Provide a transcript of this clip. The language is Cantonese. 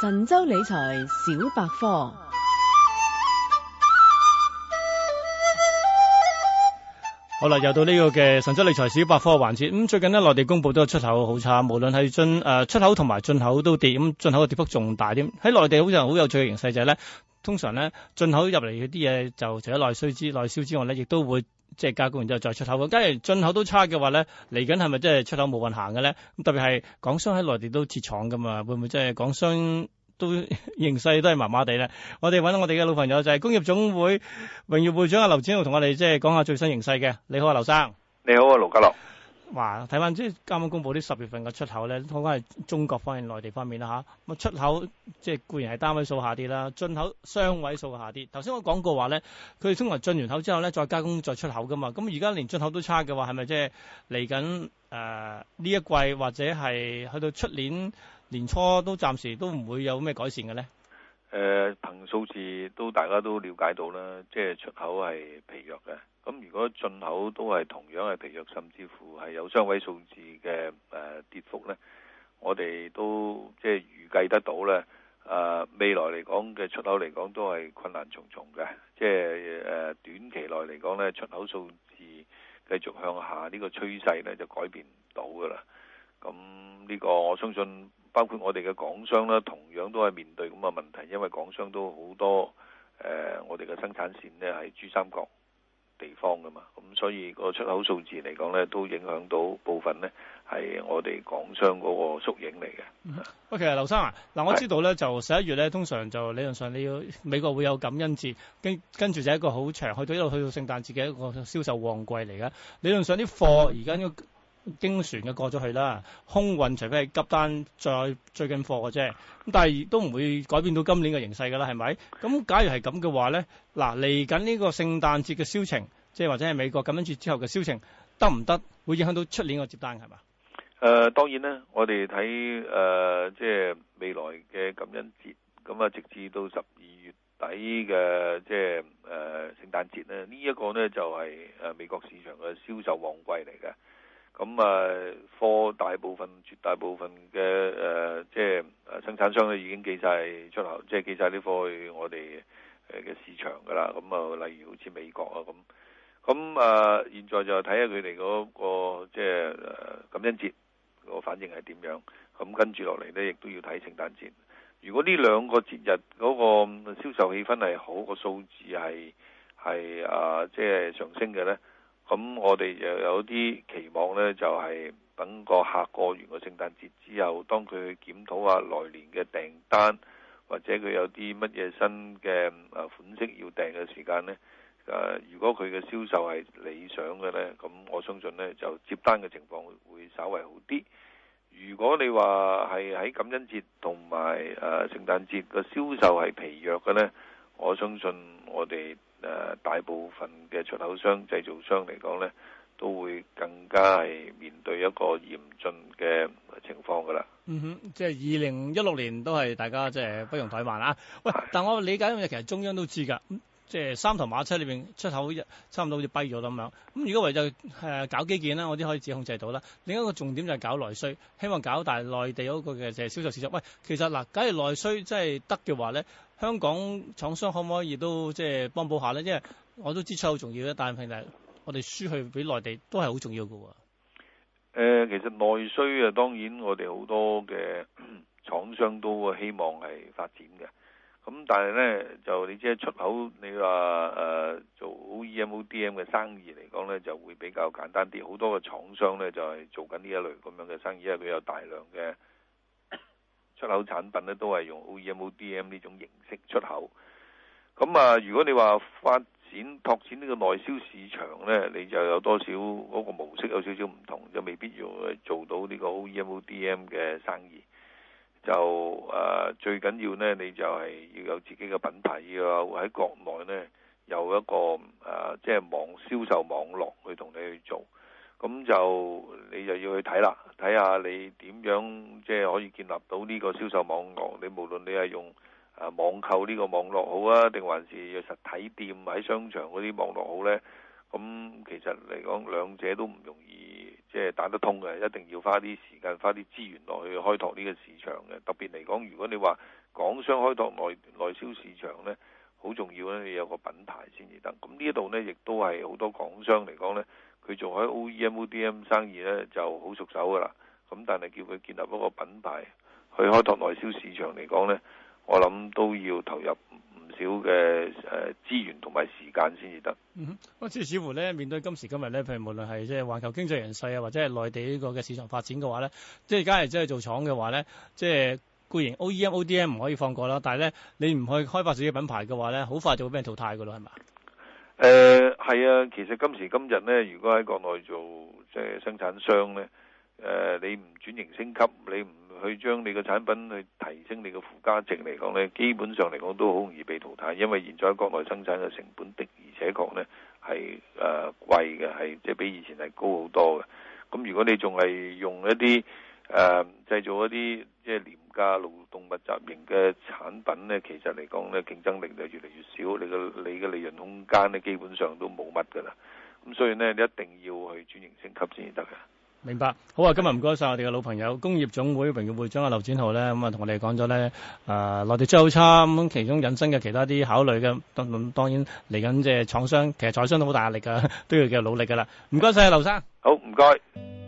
神州理財小百科，好啦，又到呢個嘅神州理財小百科嘅環節。咁、嗯、最近咧，內地公布都有出口好差，無論係進誒出口同埋進口都跌，咁進口嘅跌幅仲大啲。喺內地好似好有趣嘅形勢就係咧，通常咧進口入嚟嗰啲嘢就除咗內需之內銷之外咧，亦都會。即係加工完之後再出口，咁假如進口都差嘅話咧，嚟緊係咪真係出口冇運行嘅咧？咁特別係港商喺內地都設廠噶嘛，會唔會真係港商都形勢都係麻麻哋咧？我哋揾我哋嘅老朋友就係工業總會榮譽會長阿劉展灝，同我哋即係講下最新形勢嘅。你好啊，劉生。你好啊，盧家樂。話睇翻即係啱啱公佈啲十月份嘅出口咧，講緊係中國方面、內地方面啦嚇。咁出口即係固然係單位數下跌啦，進口雙位數下跌。頭先我講過話咧，佢哋通常進完口之後咧，再加工再出口噶嘛。咁而家連進口都差嘅話，係咪即係嚟緊誒呢一季或者係去到出年年初都暫時都唔會有咩改善嘅咧？誒、呃，憑數字都大家都了解到啦，即係出口係疲弱嘅。咁如果進口都係同樣係疲弱，甚至乎係有雙位數字嘅誒、呃、跌幅呢，我哋都即係預計得到呢誒、呃、未來嚟講嘅出口嚟講都係困難重重嘅，即係、呃、短期內嚟講呢，出口數字繼續向下呢個趨勢呢就改變唔到㗎啦。咁呢個我相信，包括我哋嘅港商咧，同樣都係面對咁嘅問題，因為港商都好多誒、呃，我哋嘅生產線呢係珠三角地方噶嘛，咁所以個出口數字嚟講咧，都影響到部分咧，係我哋港商嗰個縮影嚟嘅。ok，劉生啊，嗱我知道咧，就十一月咧，通常就理論上你要美國會有感恩節，跟跟住就一個好長去到一路去到聖誕節嘅一個銷售旺季嚟嘅。理論上啲貨而家應該、嗯。經船嘅過咗去啦，空運除非係急單，再最近貨嘅啫。咁但係都唔會改變到今年嘅形勢㗎啦，係咪？咁假如係咁嘅話咧，嗱嚟緊呢個聖誕節嘅銷情，即係或者係美國感恩節之後嘅銷情，得唔得？會影響到出年嘅接單係嘛？誒、呃、當然啦，我哋睇誒即係未來嘅感恩節，咁啊直至到十二月底嘅即係誒、呃、聖誕節咧，這個、呢一個咧就係、是、誒美國市場嘅銷售旺季嚟嘅。咁啊，貨大部分、絕大部分嘅誒，即、啊、係、就是啊、生產商都已經寄晒出口，即、就、係、是、寄晒啲貨去我哋誒嘅市場㗎啦。咁啊，例如好似美國啊咁，咁啊，現在就睇下佢哋嗰個即係、就是啊、感恩節個反應係點樣。咁、啊、跟住落嚟呢，亦都要睇聖誕節。如果呢兩個節日嗰個銷售氣氛係好，個數字係係啊，即、就、係、是、上升嘅咧。咁我哋又有啲期望呢，就係等個客過完個聖誕節之後，當佢檢討下來年嘅訂單，或者佢有啲乜嘢新嘅啊款式要訂嘅時間呢。啊如果佢嘅銷售係理想嘅呢，咁我相信呢，就接單嘅情況會稍為好啲。如果你話係喺感恩節同埋啊聖誕節個銷售係疲弱嘅呢，我相信我哋，誒、呃，大部分嘅出口商、製造商嚟講咧，都會更加係面對一個嚴峻嘅情況㗎啦。嗯哼，即係二零一六年都係大家即係不容怠慢啦、啊。喂，但我理解嘅，其實中央都知㗎。嗯即係三頭馬車裏面出口差唔多好似跛咗咁樣，咁如果為咗誒搞基建咧，我啲可以自己控制到啦。另一個重點就係搞內需，希望搞大內地嗰個嘅就係銷售市場。喂，其實嗱、呃，假如內需真係得嘅話咧，香港廠商可唔可以都即係、就是、幫補下咧？因為我都知出口重要嘅，但係我哋輸去俾內地都係好重要嘅喎、呃。其實內需啊，當然我哋好多嘅廠商都希望係發展嘅。咁但係呢，就你知啊出口你話誒、呃、做 OEMODM 嘅生意嚟講呢，就會比較簡單啲，好多嘅廠商呢，就係、是、做緊呢一類咁樣嘅生意，因為佢有大量嘅出口產品呢，都係用 OEMODM 呢種形式出口。咁、嗯、啊，如果你話發展拓展呢個內銷市場呢，你就有多少嗰、那個模式有少少唔同，就未必用做到呢個 OEMODM 嘅生意。就誒、呃、最緊要咧，你就係要有自己嘅品牌、啊，要有喺國內咧有一個誒、呃、即係網銷售網絡去同你去做，咁就你就要去睇啦，睇下你點樣即係可以建立到呢個銷售網絡，你無論你係用誒網購呢個網絡好啊，定還是要實體店或商場啲網絡好咧？咁其實嚟講兩者都唔容易。即係打得通嘅，一定要花啲時間、花啲資源落去開拓呢個市場嘅。特別嚟講，如果你話港商開拓內內銷市場呢，好重要呢，你有個品牌先至得。咁呢一度呢，亦都係好多港商嚟講呢，佢仲喺 OEM、ODM 生意呢就好熟手㗎啦。咁但係叫佢建立一個品牌去開拓內銷市場嚟講呢，我諗都要投入少嘅誒資源同埋時間先至得。嗯哼，我即係似乎咧面對今時今日咧，譬如無論係即係環球經濟形勢啊，或者係內地呢個嘅市場發展嘅話咧，即係假如真係做廠嘅話咧，即係固然 OEM、ODM 唔可以放過啦，但係咧你唔去開發自己品牌嘅話咧，好快就會俾人淘汰噶咯，係嘛？誒係、呃、啊，其實今時今日咧，如果喺國內做即係、呃、生產商咧。誒，你唔轉型升級，你唔去將你個產品去提升你個附加值嚟講呢，基本上嚟講都好容易被淘汰。因為現在國內生產嘅成本的而且確呢係誒貴嘅，係即係比以前係高好多嘅。咁如果你仲係用一啲誒、呃、製造一啲即係廉價勞動密集型嘅產品呢，其實嚟講呢競爭力就越嚟越少，你個你嘅利潤空間呢基本上都冇乜噶啦。咁所以呢，你一定要去轉型升級先至得嘅。明白，好啊！今日唔該晒我哋嘅老朋友，工業總會榮譽會長啊，劉展灝咧，咁啊同我哋講咗咧，誒、呃，內地出口差，咁其中引申嘅其他啲考慮嘅，當當然嚟緊，即係廠商，其實廠商都好大壓力噶，都要繼續努力噶啦。唔該晒啊，劉生，好唔該。謝謝。